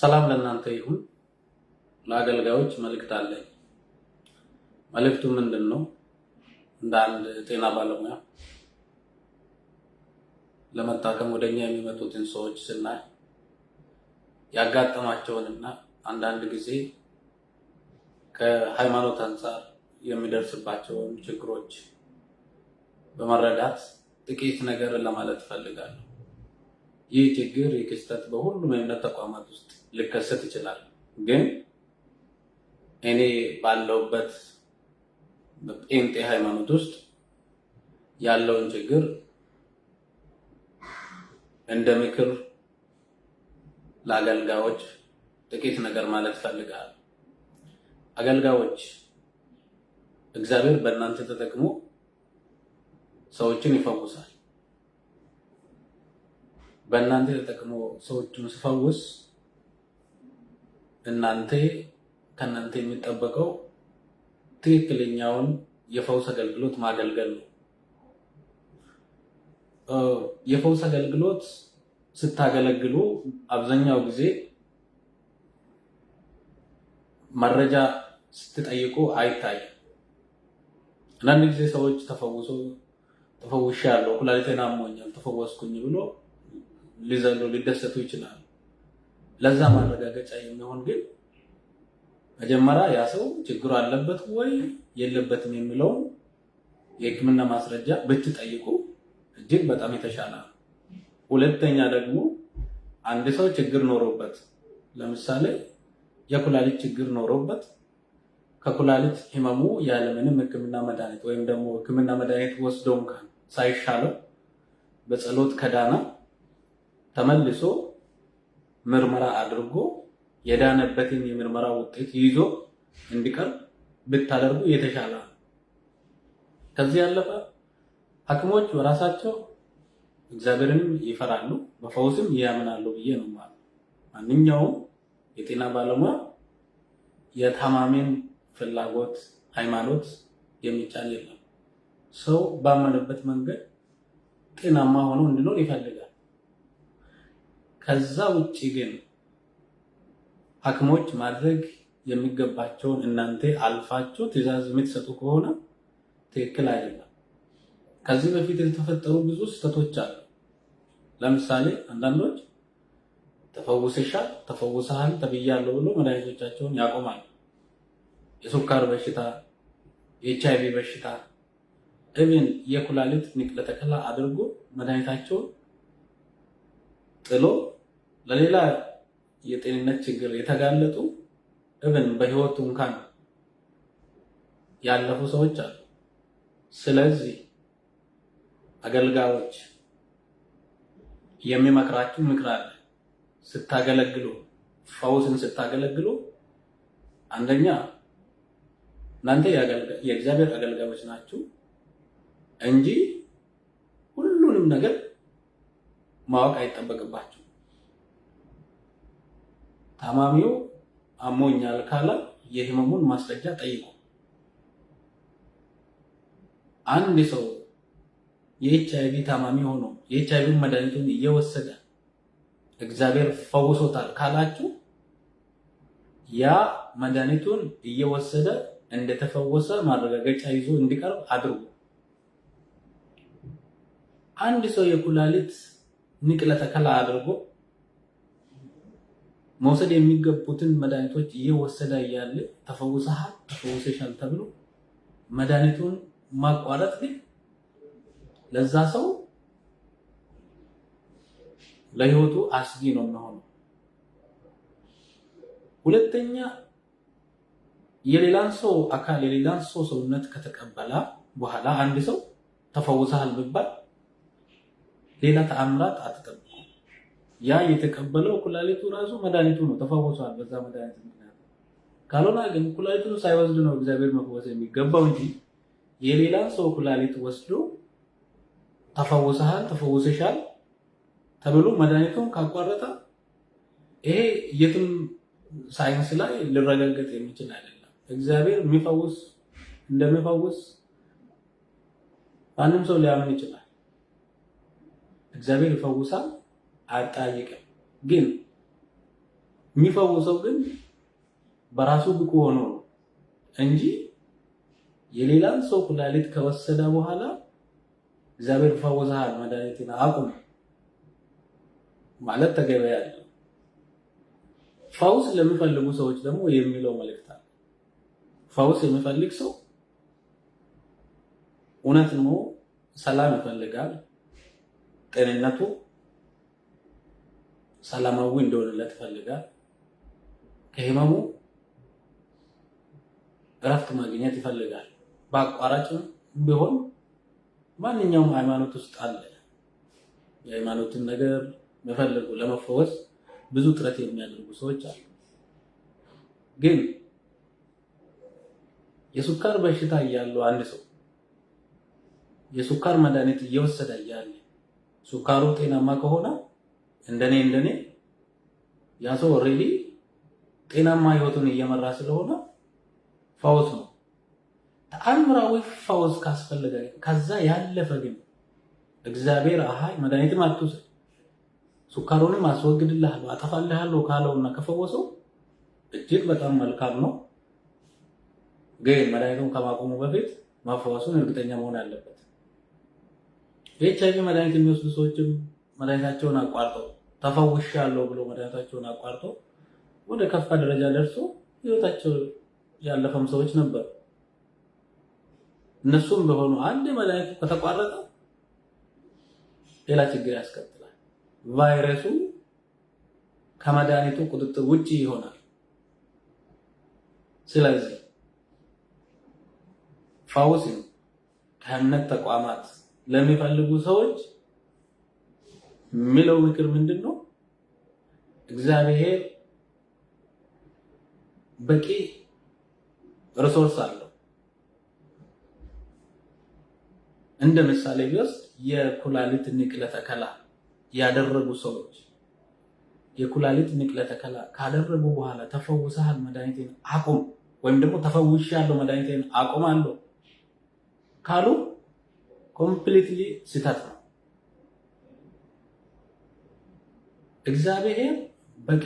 ሰላም ለእናንተ ይሁን። ለአገልጋዮች መልእክት አለኝ። መልእክቱ ምንድን ነው? እንደ አንድ ጤና ባለሙያ ለመታከም ወደኛ የሚመጡትን ሰዎች ስናይ ያጋጠማቸውንና አንዳንድ ጊዜ ከሃይማኖት አንጻር የሚደርስባቸውን ችግሮች በመረዳት ጥቂት ነገር ለማለት እፈልጋለሁ። ይህ ችግር የክስተት ክስተት በሁሉም የእምነት ተቋማት ውስጥ ሊከሰት ይችላል። ግን እኔ ባለውበት በጴንጤ ሃይማኖት ውስጥ ያለውን ችግር እንደ ምክር ለአገልጋዮች ጥቂት ነገር ማለት ፈልጋል። አገልጋዮች እግዚአብሔር በእናንተ ተጠቅሞ ሰዎችን ይፈውሳል። በእናንተ ተጠቅሞ ሰዎችን ስፈውስ እናንተ ከእናንተ የሚጠበቀው ትክክለኛውን የፈውስ አገልግሎት ማገልገል ነው። የፈውስ አገልግሎት ስታገለግሉ አብዛኛው ጊዜ መረጃ ስትጠይቁ አይታይም። አንዳንድ ጊዜ ሰዎች ተፈውሶ ተፈውሻለሁ፣ ኩላሊቴን አሞኛል፣ ተፈወስኩኝ ብሎ ሊዘሉ ሊደሰቱ ይችላሉ። ለዛ ማረጋገጫ የሚሆን ግን መጀመሪያ ያ ሰው ችግሩ አለበት ወይ የለበትም የሚለውን የሕክምና ማስረጃ ብትጠይቁ እጅግ በጣም የተሻለ ነው። ሁለተኛ ደግሞ አንድ ሰው ችግር ኖሮበት ለምሳሌ የኩላሊት ችግር ኖሮበት ከኩላሊት ህመሙ ያለምንም ህክምና መድኃኒት ወይም ደግሞ ህክምና መድኃኒት ወስዶም ሳይሻለው በጸሎት ከዳና ተመልሶ ምርመራ አድርጎ የዳነበትን የምርመራ ውጤት ይዞ እንዲቀርብ ብታደርጉ የተሻለ ነው። ከዚህ ያለፈ ሐኪሞች በራሳቸው እግዚአብሔርንም ይፈራሉ በፈውስም ያምናሉ ብዬ ነው ማለት። ማንኛውም የጤና ባለሙያ የታማሚን ፍላጎት ሃይማኖት የሚቻል የለም። ሰው ባመነበት መንገድ ጤናማ ሆኖ እንዲኖር ይፈልጋል። ከዛ ውጭ ግን ሐኪሞች ማድረግ የሚገባቸውን እናንተ አልፋችሁ ትዕዛዝ የምትሰጡ ከሆነ ትክክል አይደለም። ከዚህ በፊት የተፈጠሩ ብዙ ስህተቶች አሉ። ለምሳሌ አንዳንዶች ተፈውሰሻ ተፈውሰሃል ተብያለሁ ብሎ መድኃኒቶቻቸውን ያቆማሉ። የሱካር በሽታ፣ የኤች አይቪ በሽታ እብን የኩላሊት ንቅለ ተከላ አድርጎ መድኃኒታቸውን ጥሎ ለሌላ የጤንነት ችግር የተጋለጡ እብን በህይወቱ እንኳን ያለፉ ሰዎች አሉ። ስለዚህ አገልጋዮች የሚመክራችሁ ምክር አለ። ስታገለግሉ ፈውስን ስታገለግሉ አንደኛ እናንተ የእግዚአብሔር አገልጋዮች ናችሁ እንጂ ሁሉንም ነገር ማወቅ አይጠበቅባችሁ። ታማሚው አሞኛል ካለ የህመሙን ማስረጃ ጠይቁ። አንድ ሰው የኤች ቪ ታማሚ ሆኖ የኤች አይቪ መድኃኒቱን እየወሰደ እግዚአብሔር ፈውሶታል ካላችሁ ያ መድኃኒቱን እየወሰደ እንደተፈወሰ ማረጋገጫ ይዞ እንዲቀርብ አድርጉ። አንድ ሰው የኩላሊት ንቅለ ተከላ አድርጎ መውሰድ የሚገቡትን መድኃኒቶች እየወሰደ እያለ ተፈውሰሃል ተፈውሰሻል ተብሎ መድኃኒቱን ማቋረጥ ግን ለዛ ሰው ለህይወቱ አስጊ ነው የሚሆነው። ሁለተኛ የሌላን ሰው አካል የሌላን ሰው ሰውነት ከተቀበላ በኋላ አንድ ሰው ተፈውሰሃል ቢባል ሌላ ተአምራት አትጠብቅ። ያ የተቀበለው ኩላሊቱ ራሱ መድኃኒቱ ነው፣ ተፈወሷል በዛ መድኃኒት ምክንያት። ካልሆነ ግን ኩላሊቱ ሳይወስድ ነው እግዚአብሔር መፈወስ የሚገባው እንጂ የሌላ ሰው ኩላሊት ወስዶ ተፈወሰሃል ተፈወሰሻል ተብሎ መድኃኒቱን ካቋረጠ ይሄ የትም ሳይንስ ላይ ሊረጋገጥ የሚችል አይደለም። እግዚአብሔር የሚፈውስ እንደሚፈውስ ማንም ሰው ሊያምን ይችላል። እግዚአብሔር ይፈውሳል። አያጠያይቅም። ግን የሚፈውሰው ግን በራሱ ብቁ ሆኖ ነው እንጂ የሌላን ሰው ኩላሊት ከወሰደ በኋላ እግዚአብሔር ፈውዛል መድኃኒትን አቁም ማለት ተገቢ ያለው ፈውስ ለሚፈልጉ ሰዎች ደግሞ የሚለው መልእክት አለ። ፈውስ የሚፈልግ ሰው እውነት ነው፣ ሰላም ይፈልጋል፣ ጤንነቱ ሰላማዊ እንደሆነለት ይፈልጋል። ከህመሙ እረፍት ማግኘት ይፈልጋል። በአቋራጭ ቢሆን ማንኛውም ሃይማኖት ውስጥ አለ። የሃይማኖትን ነገር መፈለጉ ለመፈወስ ብዙ ጥረት የሚያደርጉ ሰዎች አሉ። ግን የሱካር በሽታ እያለው አንድ ሰው የሱካር መድኃኒት እየወሰደ እያለ ሱካሩ ጤናማ ከሆነ እንደኔ እንደኔ ያ ሰው ኦልሬዲ ጤናማ ህይወቱን እየመራ ስለሆነ ፈውስ ነው። ተአምራዊ ፈውስ ካስፈለገ ከዛ ያለፈ ግን እግዚአብሔር አሃይ መድኃኒትም አትውሰድ ሱካሩንም አስወግድልሃለሁ አጠፋልሃለሁ ካለውና ከፈወሰው እጅግ በጣም መልካም ነው። ግን መድኃኒቱን ከማቆሙ በፊት ማፈዋሱን እርግጠኛ መሆን አለበት። የኤች አይቪ መድኃኒት የሚወስዱ ሰዎችም መድኃኒታቸውን አቋርጠው ያለው ብሎ መድኃኒታቸውን አቋርጦ ወደ ከፋ ደረጃ ደርሶ ህይወታቸው ያለፈም ሰዎች ነበሩ። እነሱም በሆኑ አንድ መድኃኒቱ ከተቋረጠ ሌላ ችግር ያስከትላል። ቫይረሱ ከመድኃኒቱ ቁጥጥር ውጪ ይሆናል። ስለዚህ ፈውስ ከእምነት ተቋማት ለሚፈልጉ ሰዎች ምለው ምክር ምንድን ነው? እግዚአብሔር በቂ ሪሶርስ አለው። እንደ ምሳሌ ቢወስድ የኩላሊት ንቅለ ተከላ ያደረጉ ሰዎች የኩላሊት ንቅለ ተከላ ካደረጉ በኋላ ተፈውሰሃል፣ መድኃኒቴን አቁም ወይም ደግሞ ተፈውሻለሁ፣ መድኃኒቴን አቁም አለው ካሉ ኮምፕሊትሊ ስህተት ነው። እግዚአብሔር በቂ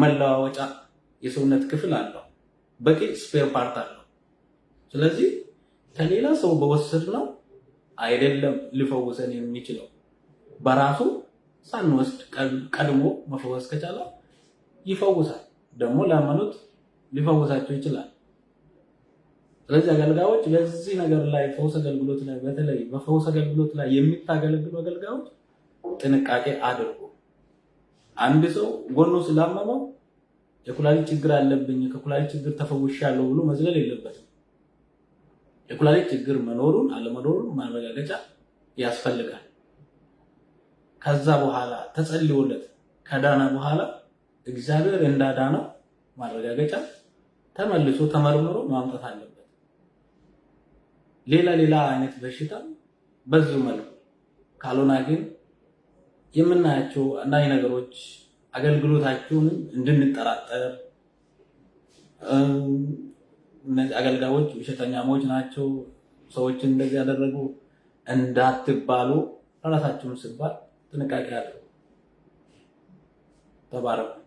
መለዋወጫ የሰውነት ክፍል አለው፣ በቂ ስፔር ፓርት አለው። ስለዚህ ከሌላ ሰው በወሰድ ነው አይደለም ሊፈውሰን የሚችለው በራሱ ሳንወስድ ቀድሞ መፈወስ ከቻለ ይፈውሳል። ደግሞ ላመኑት ሊፈውሳቸው ይችላል። ስለዚህ አገልጋዮች በዚህ ነገር ላይ ፈውስ አገልግሎት ላይ በተለይ በፈውስ አገልግሎት ላይ የሚታገለግሉ አገልጋዮች ጥንቃቄ አድርጉ። አንድ ሰው ጎኖ ስላመመው የኩላሊት ችግር አለብኝ ከኩላሊት ችግር ተፈውሻለሁ ብሎ መዝለል የለበትም። የኩላሊት ችግር መኖሩን አለመኖሩን ማረጋገጫ ያስፈልጋል። ከዛ በኋላ ተጸልዮለት ከዳነ በኋላ እግዚአብሔር እንዳዳነው ማረጋገጫ ተመልሶ ተመርምሮ ማምጣት አለበት። ሌላ ሌላ አይነት በሽታ በዚሁ መልኩ ካልሆነ ግን የምናያቸው አንዳንድ ነገሮች አገልግሎታችሁን እንድንጠራጠር እነዚህ አገልጋዮች ውሸተኛሞች ናቸው፣ ሰዎችን እንደዚህ ያደረጉ እንዳትባሉ ለራሳችሁም ስባል ጥንቃቄ አድርጉ። ተባረኩ።